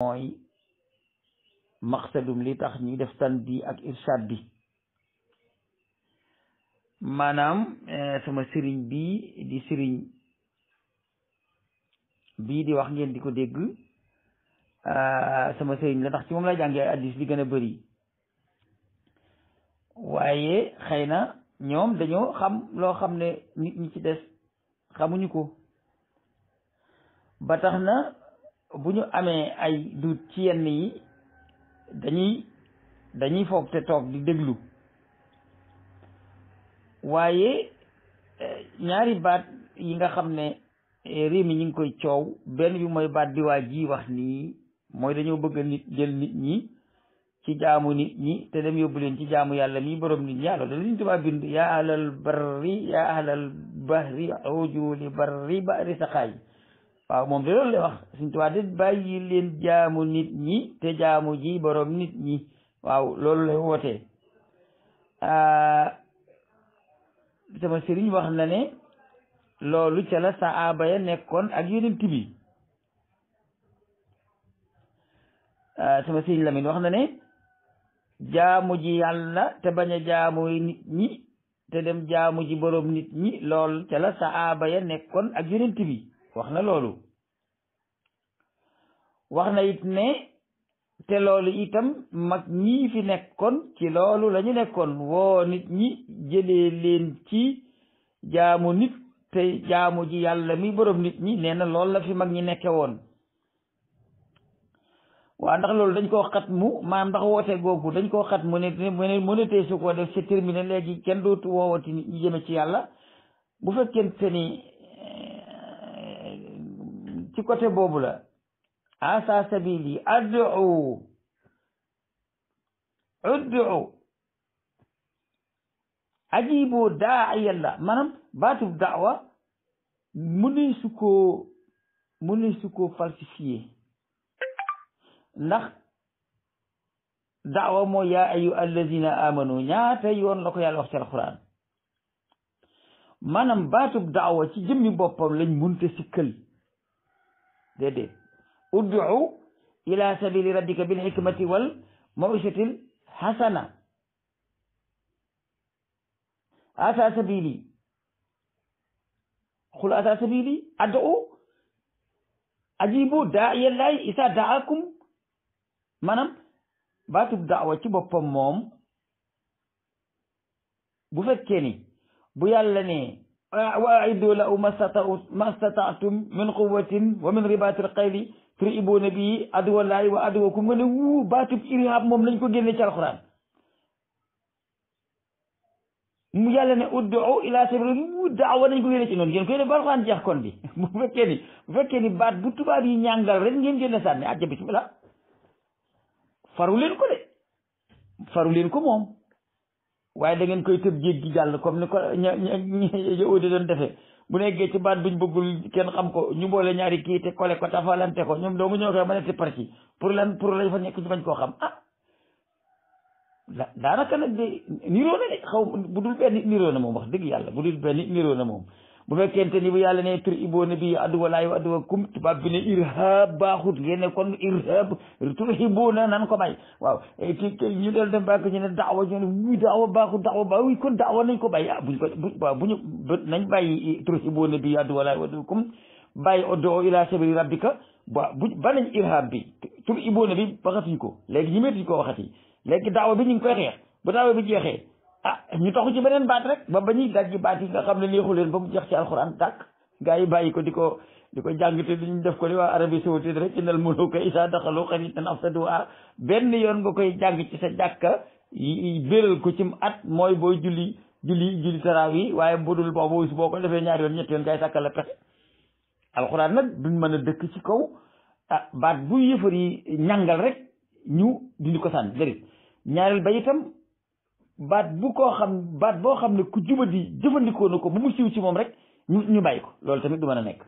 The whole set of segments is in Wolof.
mooy maqsadum li tax ñuy def tan bi ak irshad bi maanaam eh, sama sëriñ bi di sëriñ bii di wax ngeen di ko dégg ah, sama sëriñ la ndax ci moom lay jàngee addis li gën a bari waaye xëy na ñoom dañoo xam loo xam ne nit ñi ci des xamuñu ko ba tax na bu ñu amee ay duut ci yenn yi dañuy dañuy foog te toog di déglu waaye eh, ñaari baat yi nga xam ne eh, réew mi ñu ngi koy coow benn bi mooy baat bi waa yi wax nii mooy dañoo bëgg nit jël nit ñi ci jaamu nit ñi te dem yóbbu leen ci jaamu yàlla mi borom nit ñi yàlla da lañu tubaa bind yaa ahlal barri yaa ahlal bahri uju li barri bahri saxaay waaw moom de loolu la wax suñ tubaab de bàyyi leen jaamu nit ñi te jaamu ji boroom nit ñi waaw loolu la woote ah, sama sëriñ wax na ne loolu ca la saaba ya nekkoon ak yonent tibi ah, sama sëriñ wax na ne jaamu ji yàlla te bañ a jaamu nit ñi dem jaamu ji borom nit ñi lool nekkoon ak yonent bi wax na loolu wax na it ne te loolu itam mag ñii fi nekkoon ci loolu lañu nekkoon woo nit ñi jëlee leen ci jaamu nit te jaamu ji yàlla mi borom nit ñi nee na loolu la fi mag ñi nekke woon waa ndax loolu dañ koo xat mu maam ndax woote googu dañ koo xat mu ne mu ne tey su ko def c'est terminé léegi kenn dootu woowati nit ñi jëme ci yàlla bu fekkente ni eh, ci côté boobu la عسى سبيلي أدعو أدعو أجيبوا داعي الله منم باتوا دعوة منسكو منسكو فالسفيه ndax daawa mooy yaa ayu allazina amanu ñaata yoon la ko yàlla wax ci alxuraan maanaam baatub daawa ci jëmmi boppam lañ munte sikkal déedéet ud'u ila sabili rabbika bil hikmati wal maw'izatil hasana asa sabili qul asa sabili ad'u ajibu daa'iyallahi isa da'akum maanaam baatub da'wa ci boppam moom bu fekkee ni bu yàlla ne wa aiddu lahu ma stata'tum min quwwatin wa min ribatil khayli tur iboona bi aduwa laay wa aduwa ku mën a wuu baatub irhab moom lañ ko génne ci alxuraan mu yàlla ne uddu ila sabrin mu daawa nañ ko génne ci noonu ngeen koy def ba alxuraan jeex kon bi bu fekkee ni bu fekkee ni baat bu tubaab yi ñàngal rek ngeen génne sànni ajja bismillah faru leen ko de faru leen ko moom waaye da koy tëb jéggi jàll comme ni ko ña ña yahuudi doon defee bu nekkee ci baat buñ bëggul kenn xam ko ñu boole ñaari kii te kole ko tafalante ko ñoom dong ñoo koy mën a ci parti pour lan pour lañ fa nekk ñu bañ koo xam ah daanaka nag de niroo na de xaw bu dul benn niroo na moom wax dëgg yàlla bu dul benn niroo na moom bu fekkente ni bu yàlla ne tur iboona bi adduwa laay adduwa kum tubaab bi ne irhab baaxut ngeen ne kon irhab tur iboona ko bay waaw eh, ki ñu del dem bàkk ne daawa ñu ne wuy daawa ba wuy kon daawa nañ ko bay ah buñ ko waaw nañ bàyyi eh, tur iboona bi adduwa laay adduwa kum bàyyi oddo ila sabili rabbika ba bu ba nañ bi tur iboona bi waxatuñ ko léegi ñi méttuñ ko waxati léegi daawa bi ñu ngi koy xeex bu daawa bi jeexee ah ñu taxu ci beneen baat rek ba ba ñuy dajji baat yi nga xam ne neexu leen ba mu jeex ci alxuraan tàkk gaa yi bàyyi ko di ko di ko jàng te ñu def ko di waa Arabie Saoudite rek innal muluuka izaa daxalu benn yoon nga koy jàng ci sa jàkka béral ko cim at mooy booy julli julli julli yi waaye budul boobu boo ko defee ñaar yoon ñetti yoon ngay sàkkal la pexe alxuraan nag duñ mën a dëkk ci kaw ah baat bu yëfar yi ñàngal rek ñu dindi ko sànni déedéet ñaareel ba itam baat bu koo xam baat boo xam ne ku jubadi jëfandikoo na ko bu mu siiw ci moom rek ñu ñu bàyyi ko loolu tamit du man a nekk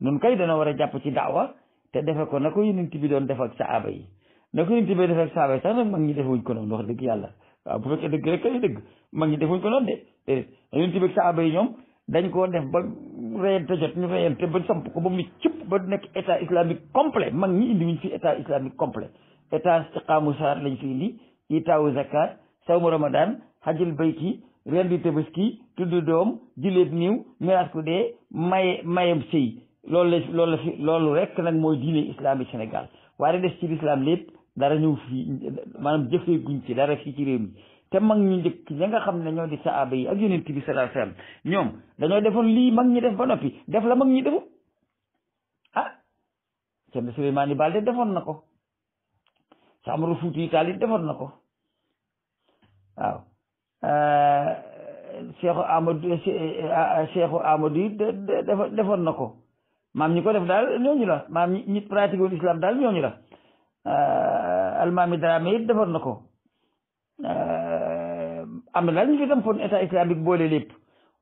nun kay dana war a jàpp ci daawa te defe ko na ko yonent bi doon def ak saaba yi na ko yonent bi def ak saaba yi sax ko noonu wax dëgg yàlla waaw bu fekkee dëgg rek kay dëgg mag ñi defuñ ko noonu de déedéet yonent bi ak saaba yi ñoom dañ koo def ba reyante jot ñu reyante ba samp ko ba mu cëpp ba nekk état islamique complet mag ñi indi wuñ fi état islamique complet état iqaamu saar lañ fi indi itaawu zakat sawmu ramadan hajjul bayti rendi tabaski tudd doom julleeb niiw miraas ku dee maye mayam sëy loolu la loolu la fi loolu rek nag mooy diine islam yi Sénégal waaye des ci lislaam lépp dara ñëw fii maanaam jëfee guñ ci dara fii ci réew mi te mag ñu njëkk ña nga xam ne ñoo di saaba yi ak yonent bi sallallahu alayhi wasallam ñoom dañoo defoon lii mag ñi def ba noppi def la mag ñi defu ah Seydina Souleymane Balde defoon na ko Samru Fuuti Taal it defoon na ko waaw euh, Cheikh Amadou Cheikh Amadou yi defoon na ko maam ñi ko def daal ñooñu la maam ñi ñi pratique woon islam daal ñooñu la euh, almaami Dramé it defoon na ko euh, am na daal ñu fi tampoon état islamique boole lépp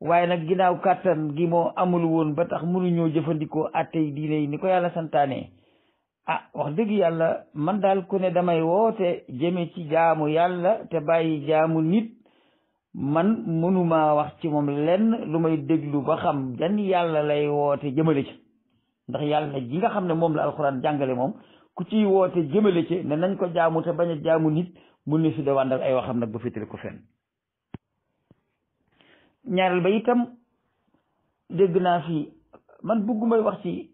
waaye nag ginnaaw kàttan gi moo amul woon ba tax mënuñoo jëfandikoo àtte yi diine yi ni ko yàlla santaane ah wax dëgg yàlla man daal ku ne damay woote jëme ci jaamu yàlla te bàyyi jaamu nit man mënuma wax ci moom lenn lu may déglu ba xam jan yàlla lay woote jëmale ci ndax yàlla ji nga xam ne moom la alxuraan jàngale moom ku ciy woote jëmale ci ne nañ ko jaamu te bañ a jaamu nit mun ne si de wàndal ay waxam nag ba féetale ko fenn ñaareel ba itam dégg naa fi man bëggumay wax ci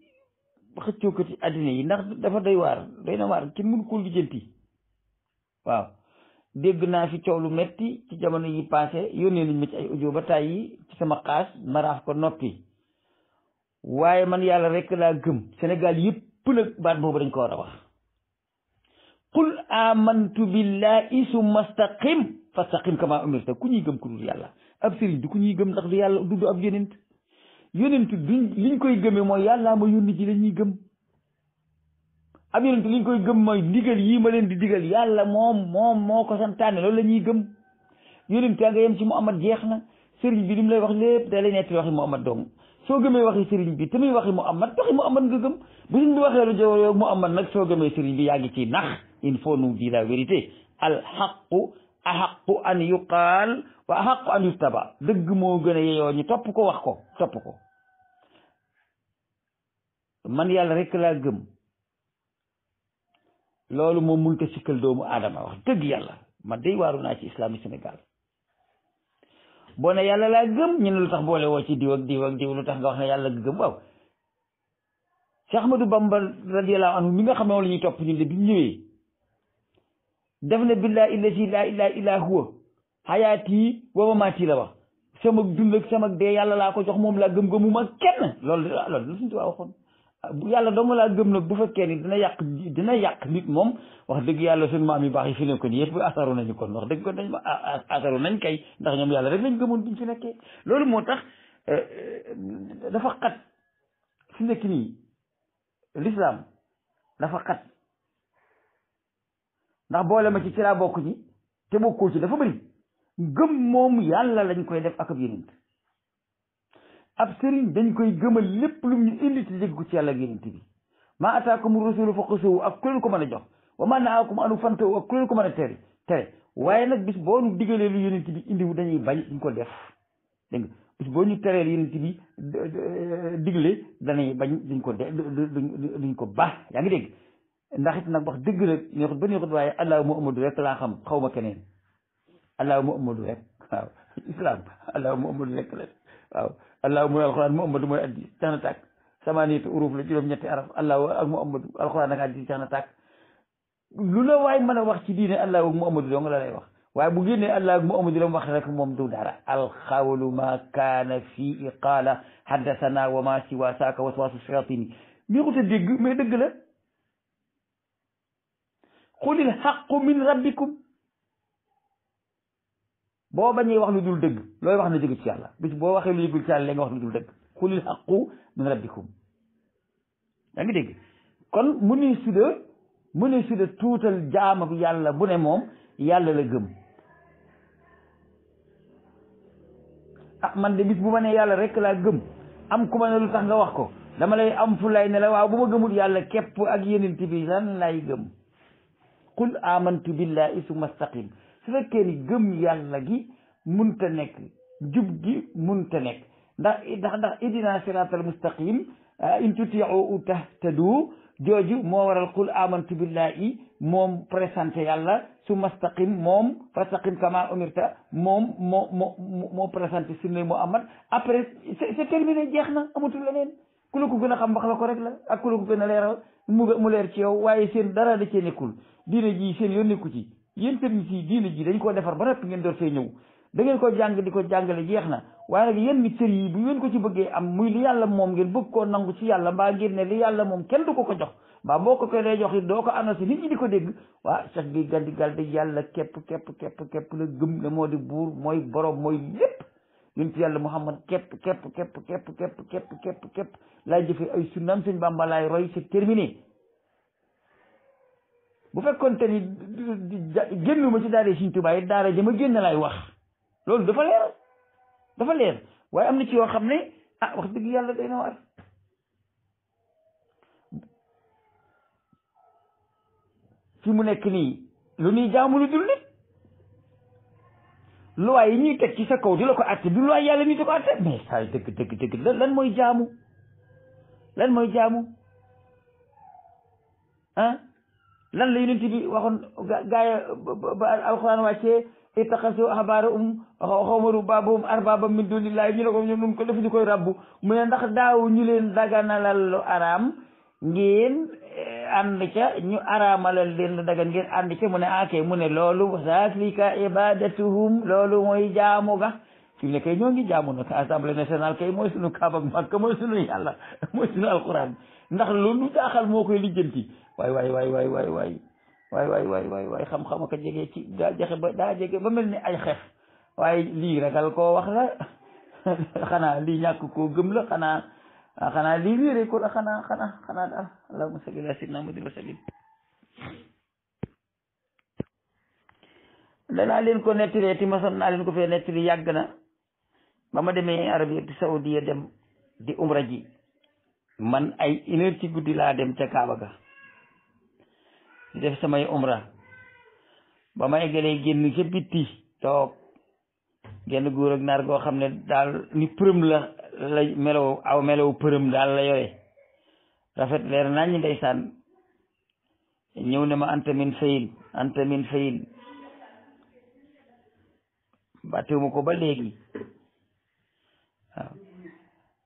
xëccookati addina yi ndax dafa doy waar day na waar kenn mënu ko lijjanti waaw dégg naa fi coow lu metti ci jamono yi passé yónnee nañ ma ci ay audio ba tàyyi ci sama xaas ma raaf ko noppi waaye man yàlla rek laa gëm Sénégal yëpp nag baat boobu dañ ko war a wax qul amantu billahi summa staqim fastaqim kama umirta ku ñuy gëm ku dul yàlla ab sëriñ du ku ñuy gëm ndax du yàlla du ab yonent yonent duñ liñ koy gëmee mooy yàllaa ma yónni ci lañuy gëm ab yonent liñ koy gëm mooy ndigal yii ma leen di digal yàlla moom moom moo ko santaane loolu la ñuy gëm yonent yaa nga yem ci Muhammad jeex na sëriñ bi li mu lay wax lépp da lay nettali waxi Muhammad dong soo gëmee waxi sëriñ bi te muy waxi Muhammad waxi Muhammad nga gëm bu ñu waxee lu jëw yow Muhammad nag soo gëmee sëriñ bi yaa ngi ci nax il faut nous dire la vérité al xaqu axaqu an wa axaqu an yuttaba dëgg moo gën a yeyoo ñu topp ko wax ko topp ko man yàlla rek laa gëm loolu moom mun ko sikkal doomu aadama wax dëgg yàlla man day waaru naa ci islaamu Sénégal boo ne yàlla laa gëm ñu ne lu tax boole woo ci diw ak diw ak diw lu tax nga wax ne yàlla nga gëm waaw Cheikh Ahmadou Bamba radiyallahu anhu mi nga xam ne moom ñuy topp ñu ne bi ñëwee def na billahi illasi la ilaha illa huwa xayaat yi booba maat yi la wax sama dund ak sama dee yàlla laa ko jox moom laa gëm-gëmu ma kenn loolu loolu suñu tubaab waxoon yàlla doomu laa gëm nag bu fekkee ni dina yàq dina yàq nit moom wax dëgg yàlla suñu maam yu baax yi fi ko ni yëpp asaru nañu kon wax dëgg kon dañ ma asaru nañ kay ndax ñoom yàlla rek lañ gëmoon biñ fi nekkee loolu moo tax euh, euh, dafa xat fi nekk nii l'islam dafa xat ndax boole ma ci ci laa bokk ci te bokkoo ci dafa bëri gëm moom yàlla lañ koy def ak ab yonent ab sëriñ dañ koy gëmal lépp lu ñu indi ci déggu ci yàlla ak yonent bi maa ataakum rasulu fa xusuwu ak ku ko mën a jox wa maa nahaakum anu fantawu ak ku leen ko mën a tere tere waaye nag bis boo nu digalee lu yonent bi indiwu dañuy bañ duñ ko def dégg nga boo ñu teree lu yonent bi euh, digle danañ bañ duñ ko def duñ ko baax yaa ngi dégg ndax it nag wax dëgg rek neexut ba neexut waaye allahuma du rek laa xam xaw ma keneen allahu muhammadu rek waaw islam allahu muhammadu rek la waaw allahu mooy alxuraan muhammadu mooy addi jeex na tàkk samaaniyatu uruf la juróom-ñetti araf allahu ak muhammadu alxuraan ak addi jeex na tàkk lu la waay mën a wax ci diine allahu ak muhammadu dong la lay wax waaye bu génnee allah ak muhammadu la mu wax rek moom du dara alxawlu ma kaana fii iqaala haddasana wa ma siwa saaka waswaasu shayaatini neexut a dégg mais dëgg la qulil xaqu min rabbikum boo bañee wax lu dul dëgg looy wax na jóge ci yàlla bis boo waxee lu jógul ci yàlla nga wax lu dul dëgg xulil xaqu min rabbikum ngi dégg kon mu ni suda mu yàlla bu ne moom yàlla la gëm ah man de bis bu ma nee yàlla rek laa gëm am ku ma ne lu tax nga wax ko dama lay am fu lay ne waaw bu ma gëmul yàlla képp ak yenent bi lan lay gëm qul amantu billahi summa staqim su fekkee gëm yàlla gi munta nekk jub gi munta nekk ndax ndax ndax idina siraatal mustaqim ah, in tutiu tahtadu jooju moo waral qul amantu billahi moom présenté yàlla su mastaqim moom fastaqim kama umirta moom moo moo moo présenté sunna amat après c'est terminé jeex na amatul leneen ku la ko gën a xam wax la ko rek la ak ku la ko gën a leeral mu mu leer ci yow waaye seen dara da cee nekkul diine ji seen yoon nekku ci yéen tamit si diine ji dañ koo defar ba noppi ngeen door fee ñëw da ngeen ko jàng di ko jàngale jeex na waaye nag yéen mi cër yi bu ngeen ko ci bëggee am muy li yàlla moom ngeen bëgg koo nangu ci yàlla mbaa ngeen ne li yàlla moom kenn du ko ko jox mbaa boo ko ko dee jox doo ko annoncé nit ñi di ko dégg waa Cheikh Gueye Gandi Galdé yàlla kepp képp képp képp la gëm ne moo di buur mooy borom mooy lépp yéen ci yàlla Muhammad képp képp képp képp kepp képp képp képp laay jëfee ay sunnaam sëñ Bamba laay roy c'est terminé bu fekkonte ni génnuma ci daara Sëriñ Tuubaa yi daara jama génn laay wax loolu dafa leer dafa leer waaye am na ci yoo xam ne ah wax dëgg yàlla day na waar fi mu nekk nii lu ñuy jaamu lu dul nit loi yi ñuy teg ci sa kaw di ko àtte du loi yàlla ni di ko àtte mais saa dëgg dëgg dëgg lan mooy jaamu lan mooy jaamu lan la yonent bi waxoon gaa yi ba alxuraan wàccee ittaxasu ahbaarahum xawmaru baabahum arbaaba min dunillahi ñu ne ko ñoom ñu ko def ñu koy rabbu mu ne ndax daaw ñu leen daganalal lu araam ngeen eh, ànd ca ñu araamalal leen lu dagan ngeen ànd ca mu ne ah mu ne loolu zaalika ibadatuhum loolu mooy jaamu ga fi ne kay ñoo ngi jaamu nag assemblée nationale kay mooy sunu kaaba Makka mooy sunu yàlla mooy sunu alxuraan ndax loolu lu moo koy lijjanti waay waay waay waay waay waay waay waay ko jege ci daa jexe ba mel ni ay xef waaye lii ragal koo wax la xanaa lii ñàkk ko gëm la xanaa ah, xanaa lii wéere ko la xanaa xanaa xanaa daal allahumma salli ala sayyidina Muhammad danaa leen ko nettalee ti mason naa leen ko fee nettali yàgg na ba ma demee Arabie Saoudite dem di umra ji man ay une ci guddi laa dem ca Kaaba ga def samay umra ba ma eggalee génn ca bitti toog genn góor ak naar goo xam ne daal ni përëm la la melow aw melow përëm daal la rafet leer nañ ndeysaan ñëw ne ma antamin fayin antamin fayin ma ko ba léegi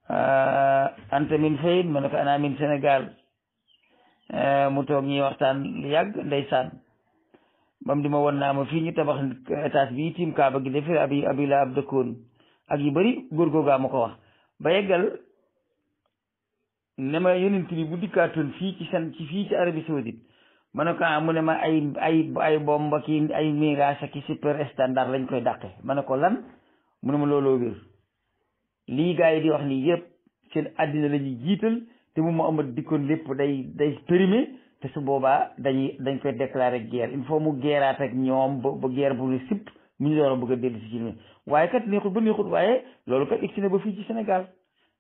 waaw antamin fayin ma ne ko anaa min Sénégal Eh, mu toog ñi waxtaan lu yàgg ndeysaan bam di ma won naa ma fii ñu tabax étage bii tiim kaaba gi defee abi abi la ab dëkkoon ak yu bari góor googaa ma ko wax ba yeggal ne ma yeneen bi bu dikkaatoon fii ci seen ci fii ci Arabie Saoudite ma ne ah, mu ne ma ay ay ay bomba ki ay mirage ki super standard lañ koy dàqe ma ne ko lan mu ne ma looloo wér lii gars yi di wax nii yëpp seen àddina la ñuy jiital te mu Muhammad dikkoon lépp day day périmé te su boobaa dañuy dañ koy déclarer guerre il faut mu guerraat ak ñoom ba ba guerre bu ne sipp mu ñu doon bëgg a dellu si ci ñun waaye kat neexut waaye loolu kat ba fii ci Sénégal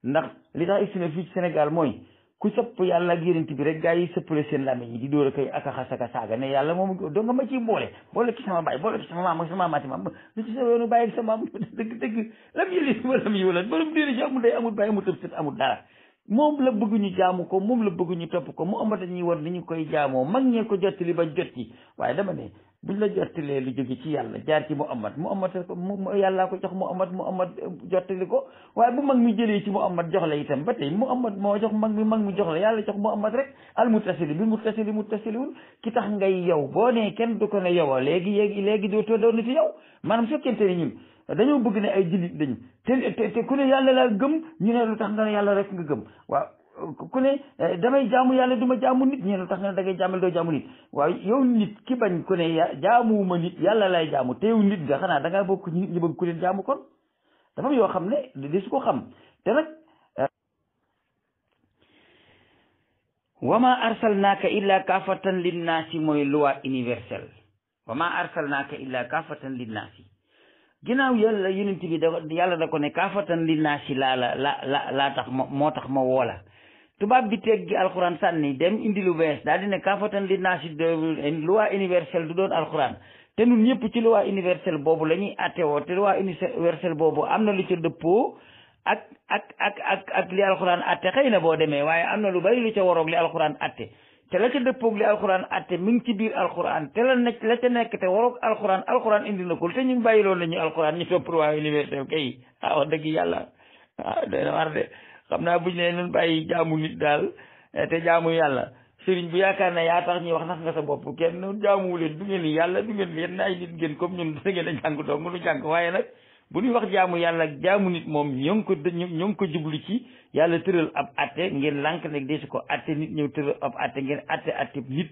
ndax li tax egsi na fii ci mooy ku sëpp yàlla ak yonent bi rek gaa yi seen làmmiñ yi di dóor a koy ak a xas yàlla moom boole boole ci baay boole ci ma lam yi wala borom diine ci amul day dara moom la bëgg ñu jaamu ko moom la bëgg ñu topp ko mu amata ñuy war ni ñu koy jaamoo mag ñee ko jottali ba jot yi waaye dama ne buñ la jottalee lu jóge ci yàlla jaar ci mu amat mu amat ko mu yàllaa ko jox mu amat mu amat eh, jottali ko waaye bu mag mi jëlee ci mu amat jox la itam ba tey mu amat moo jox mag mi mag mi jox la yàlla jox mu amat rek mu muttasili bi muttasili muttasiliwul ki tax ngay yow boo nee kenn du ko ne yow léegi léegi léegi dootoo doo na fi yow maanaam fekkente ne ñun dañoo bëgg ne ay jullit lañu te ku ne yàlla laa gëm ñu ne lu tax nga ne yàlla rek nga gëm waaw ku ne eh, damay jaamu yàlla du ma jaamu nit ñu ne lu tax nga ne da ngay jaamal doo jaamu nit waaw yow nit ki bañ ku ne jaamuwuma nit yàlla lay jaamu te yow nit nga xanaa da ngaa bokk ñu bëgg ku leen jaamu kon dafa am yoo xam ne di su ko xam te nag eh, wama arsalnaaka illa kaafatan linnaasi mooy loi universelle wama arsalnaaka illa kaafatan linnaasi ginnaaw yàlla yonent bi da yàlla na ko ne kaafatan li naa laa la la la laa tax ma moo tax ma woola tubaab bi teggi alxuraan sànni dem indi lu bees daal di ne kaafatan li naa lu waa universelle du doon alxuraan te ñun ñëpp ci waa universelle boobu la ñuy attewoo te loi universelle boobu am na lu ca dëppoo ak ak ak ak ak li alxuraan atte xëy na boo demee waaye am na lu bari lu ca waroog li alxuraan atte te la ca dëppoog li alxuraan atte mi ngi ci biir alxuraan te la nekk la ca nekk te waroog alxuraan alxuraan indi na ko te bàyyi lool nañu alxuraan ñu topp waa université kay ah, wax dëgg yàlla ah doy na war de xam naa bu ñu nee nun bàyyi jaamu nit daal eh, te jaamu yàlla sëriñ bu yaakaar ne yaa tax ñuy wax nax nga sa bopp kenn jaamuwu leen du ngeen yàlla du ngeen yéen ay nit ngeen comme ñun da ngeen a jàng dong nu jàng waaye nag bu ñuy wax jaamu yàlla ak jaamu nit moom ñoo ngi ko ñoo ngi ko jublu ci yàlla tëral ab atte ngeen lànk nag dee si ko atte nit ñëw tëral ab atte ngeen atte atte nit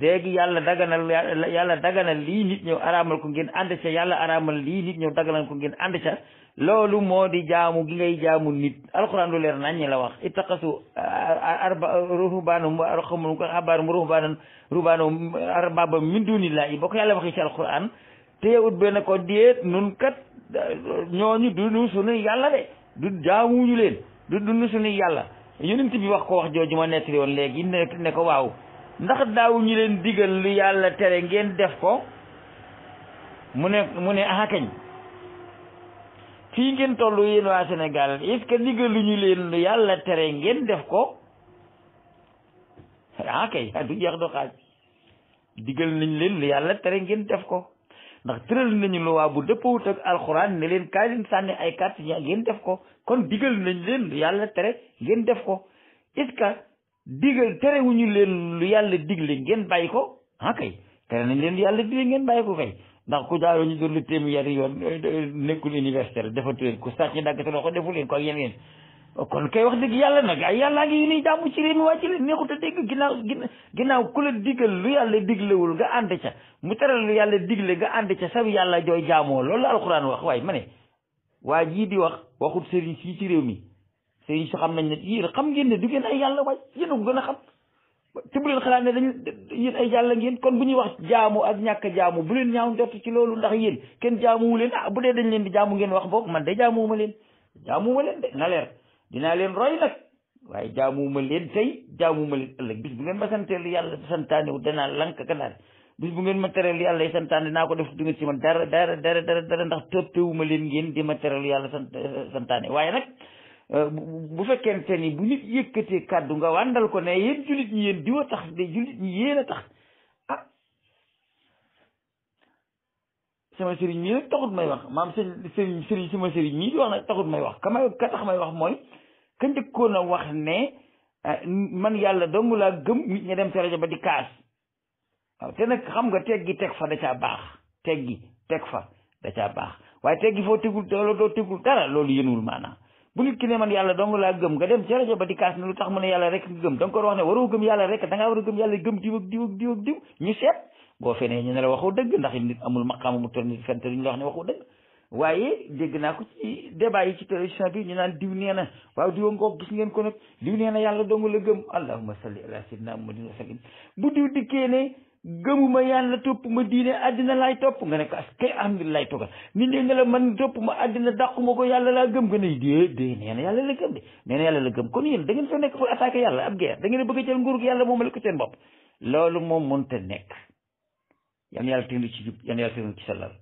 léegi yàlla daganal yàlla daganal lii nit ñëw araamal ko ngeen ànd ca yàlla araamal lii nit ñëw daganal ko ngeen ànd ca loolu moo di jaamu gi ngay jaamu nit alxuraan lu leer nañ la wax ittaqasu arba ruhbaanum xamul ko xabaarum ruhbaanum ruhbaanum arbaba min dunillahi boo ko yàlla waxee ci alxuraan te yewut benn ko déet ñooñu du du sunuy yàlla de du jaamuñu leen du du sunu yàlla yonent bi wax ko wax jooju ma nettali woon léegi ne ne ko waaw ndax daaw ñu leen digal lu yàlla tere ngeen def ko mu ne mu ne ah kañ fii ngeen toll yéen waa Sénégal est-ce que digaluñu leen lu yàlla tere ngeen def ko ah kay du jeex do xaaj digal nañ leen lu yàlla tere ngeen def ko ndax tëral nañu luwaa bu dëppoowut ak alxuraan ne leen kaay leen sànni ay carte ngeen def ko kon digal nañ leen lu yàlla tere ngeen def ko est-ce tere digal terewuñu leen lu yàlla digle ngeen bàyyi ko ah kay tere nañ leen lu yàlla digle ngeen bàyyi ko kay ndax ku jaaroo ñu doon lu téeméeri yoon euh, euh, nekkul universitaire defatu leen ku sàcc dagg sa ko defu leen ko ak yeneen Oh, kon kay wax dëgg yàlla nag ay yàllaa ngi yu nuy jaamu ci réew mi waa ci leen neexut a dégg ginnaaw ginnaaw ku la digal lu yàlla diglewul ga ànd ca mu teral lu yàlla digle ga ànd ca sabu yàlla jooy jaamoo loolu la alxuraan wax waaye ma waa jii di wax waxut sëriñ sii ci réew mi sëriñ xam nañ ne yéen xam ngeen ne du ngeen yàlla waay yéen a ko a xam te leen xalaat ne dañ yéen ay yàlla ngeen kon bu ñuy wax jaamu ak ñàkk jaamu bu leen ñaaw njort ci loolu ndax yéen kenn jaamuwu leen ah bu dee dañ leen di jaamu ngeen wax boog man de jaamuwuma leen leen de na leer dinaa leen roy nag waaye jaamuma leen tey jaamuma leen ëllëg bis bu ngeen ma santeel yàlla santaane wu danaa lank kanaar bis bu ngeen ma tereel yàlla yi naa ko def du ngeen ci man dara dara dara dara dara ndax toppewuma leen ngeen di ma tereel yàlla sant santaane waaye nag euh, bu fekkente ni bu nit yëkkatee kàddu nga wàndal ko ne yéen jullit ñi yéen diwa tax de jullit ñi yéen a tax ah sama sëriñ mii nag taxut may wax maam sëriñ sëriñ sama sëriñ mii di wax nag taxut may wax ka may ka tax may wax mooy ka njëkkoon a wax ne eh, man yàlla dong laa gëm nit dem sa rajo ba di kaas waaw te nag xam nga teg gi teg fa da ca baax teg teg fa da caa baax waaye teg gi foo tegul loolu doo tegul dara loolu yënul maanaam bu nit ki ne man yàlla dong laa gëm nga dem ca rajo ba di kaas ne lu tax mu ne yàlla rek nga gëm da nga wax ne waroo gëm yàlla rek da ngaa war gëm yàlla gëm diw ak diw ak diw ñu seet boo fenee ñu ne la waxoo dëgg ndax nit ma maqaama mu toll ni fent ñu la wax ne waxoo dëgg waaye dégg naa ko ci débat yi ci télévision bi ñu naan diw nee na waaw diwa gis ngeen ko nag diw nee na yàlla dong la gëm allahumma salli ala sayyidina muhammadin wa sallim bu diw dikkee ne gëmuma yàlla topp ma diine àddina laay topp nga ne ko as kay alhamdulilah toogal nit ñi nga la man topp ma àddina dàquma ko yàlla laa gëm nga ne dee dee yàlla la gëm de nee na yàlla la gëm kon yéen da ngeen fa nekk pour attaquer yàlla ab guerre da ngeen bëgg a jël nguur gi yàlla ko seen bopp loolu moom mënta nekk yan yàlla tënlu ci jub yan yàlla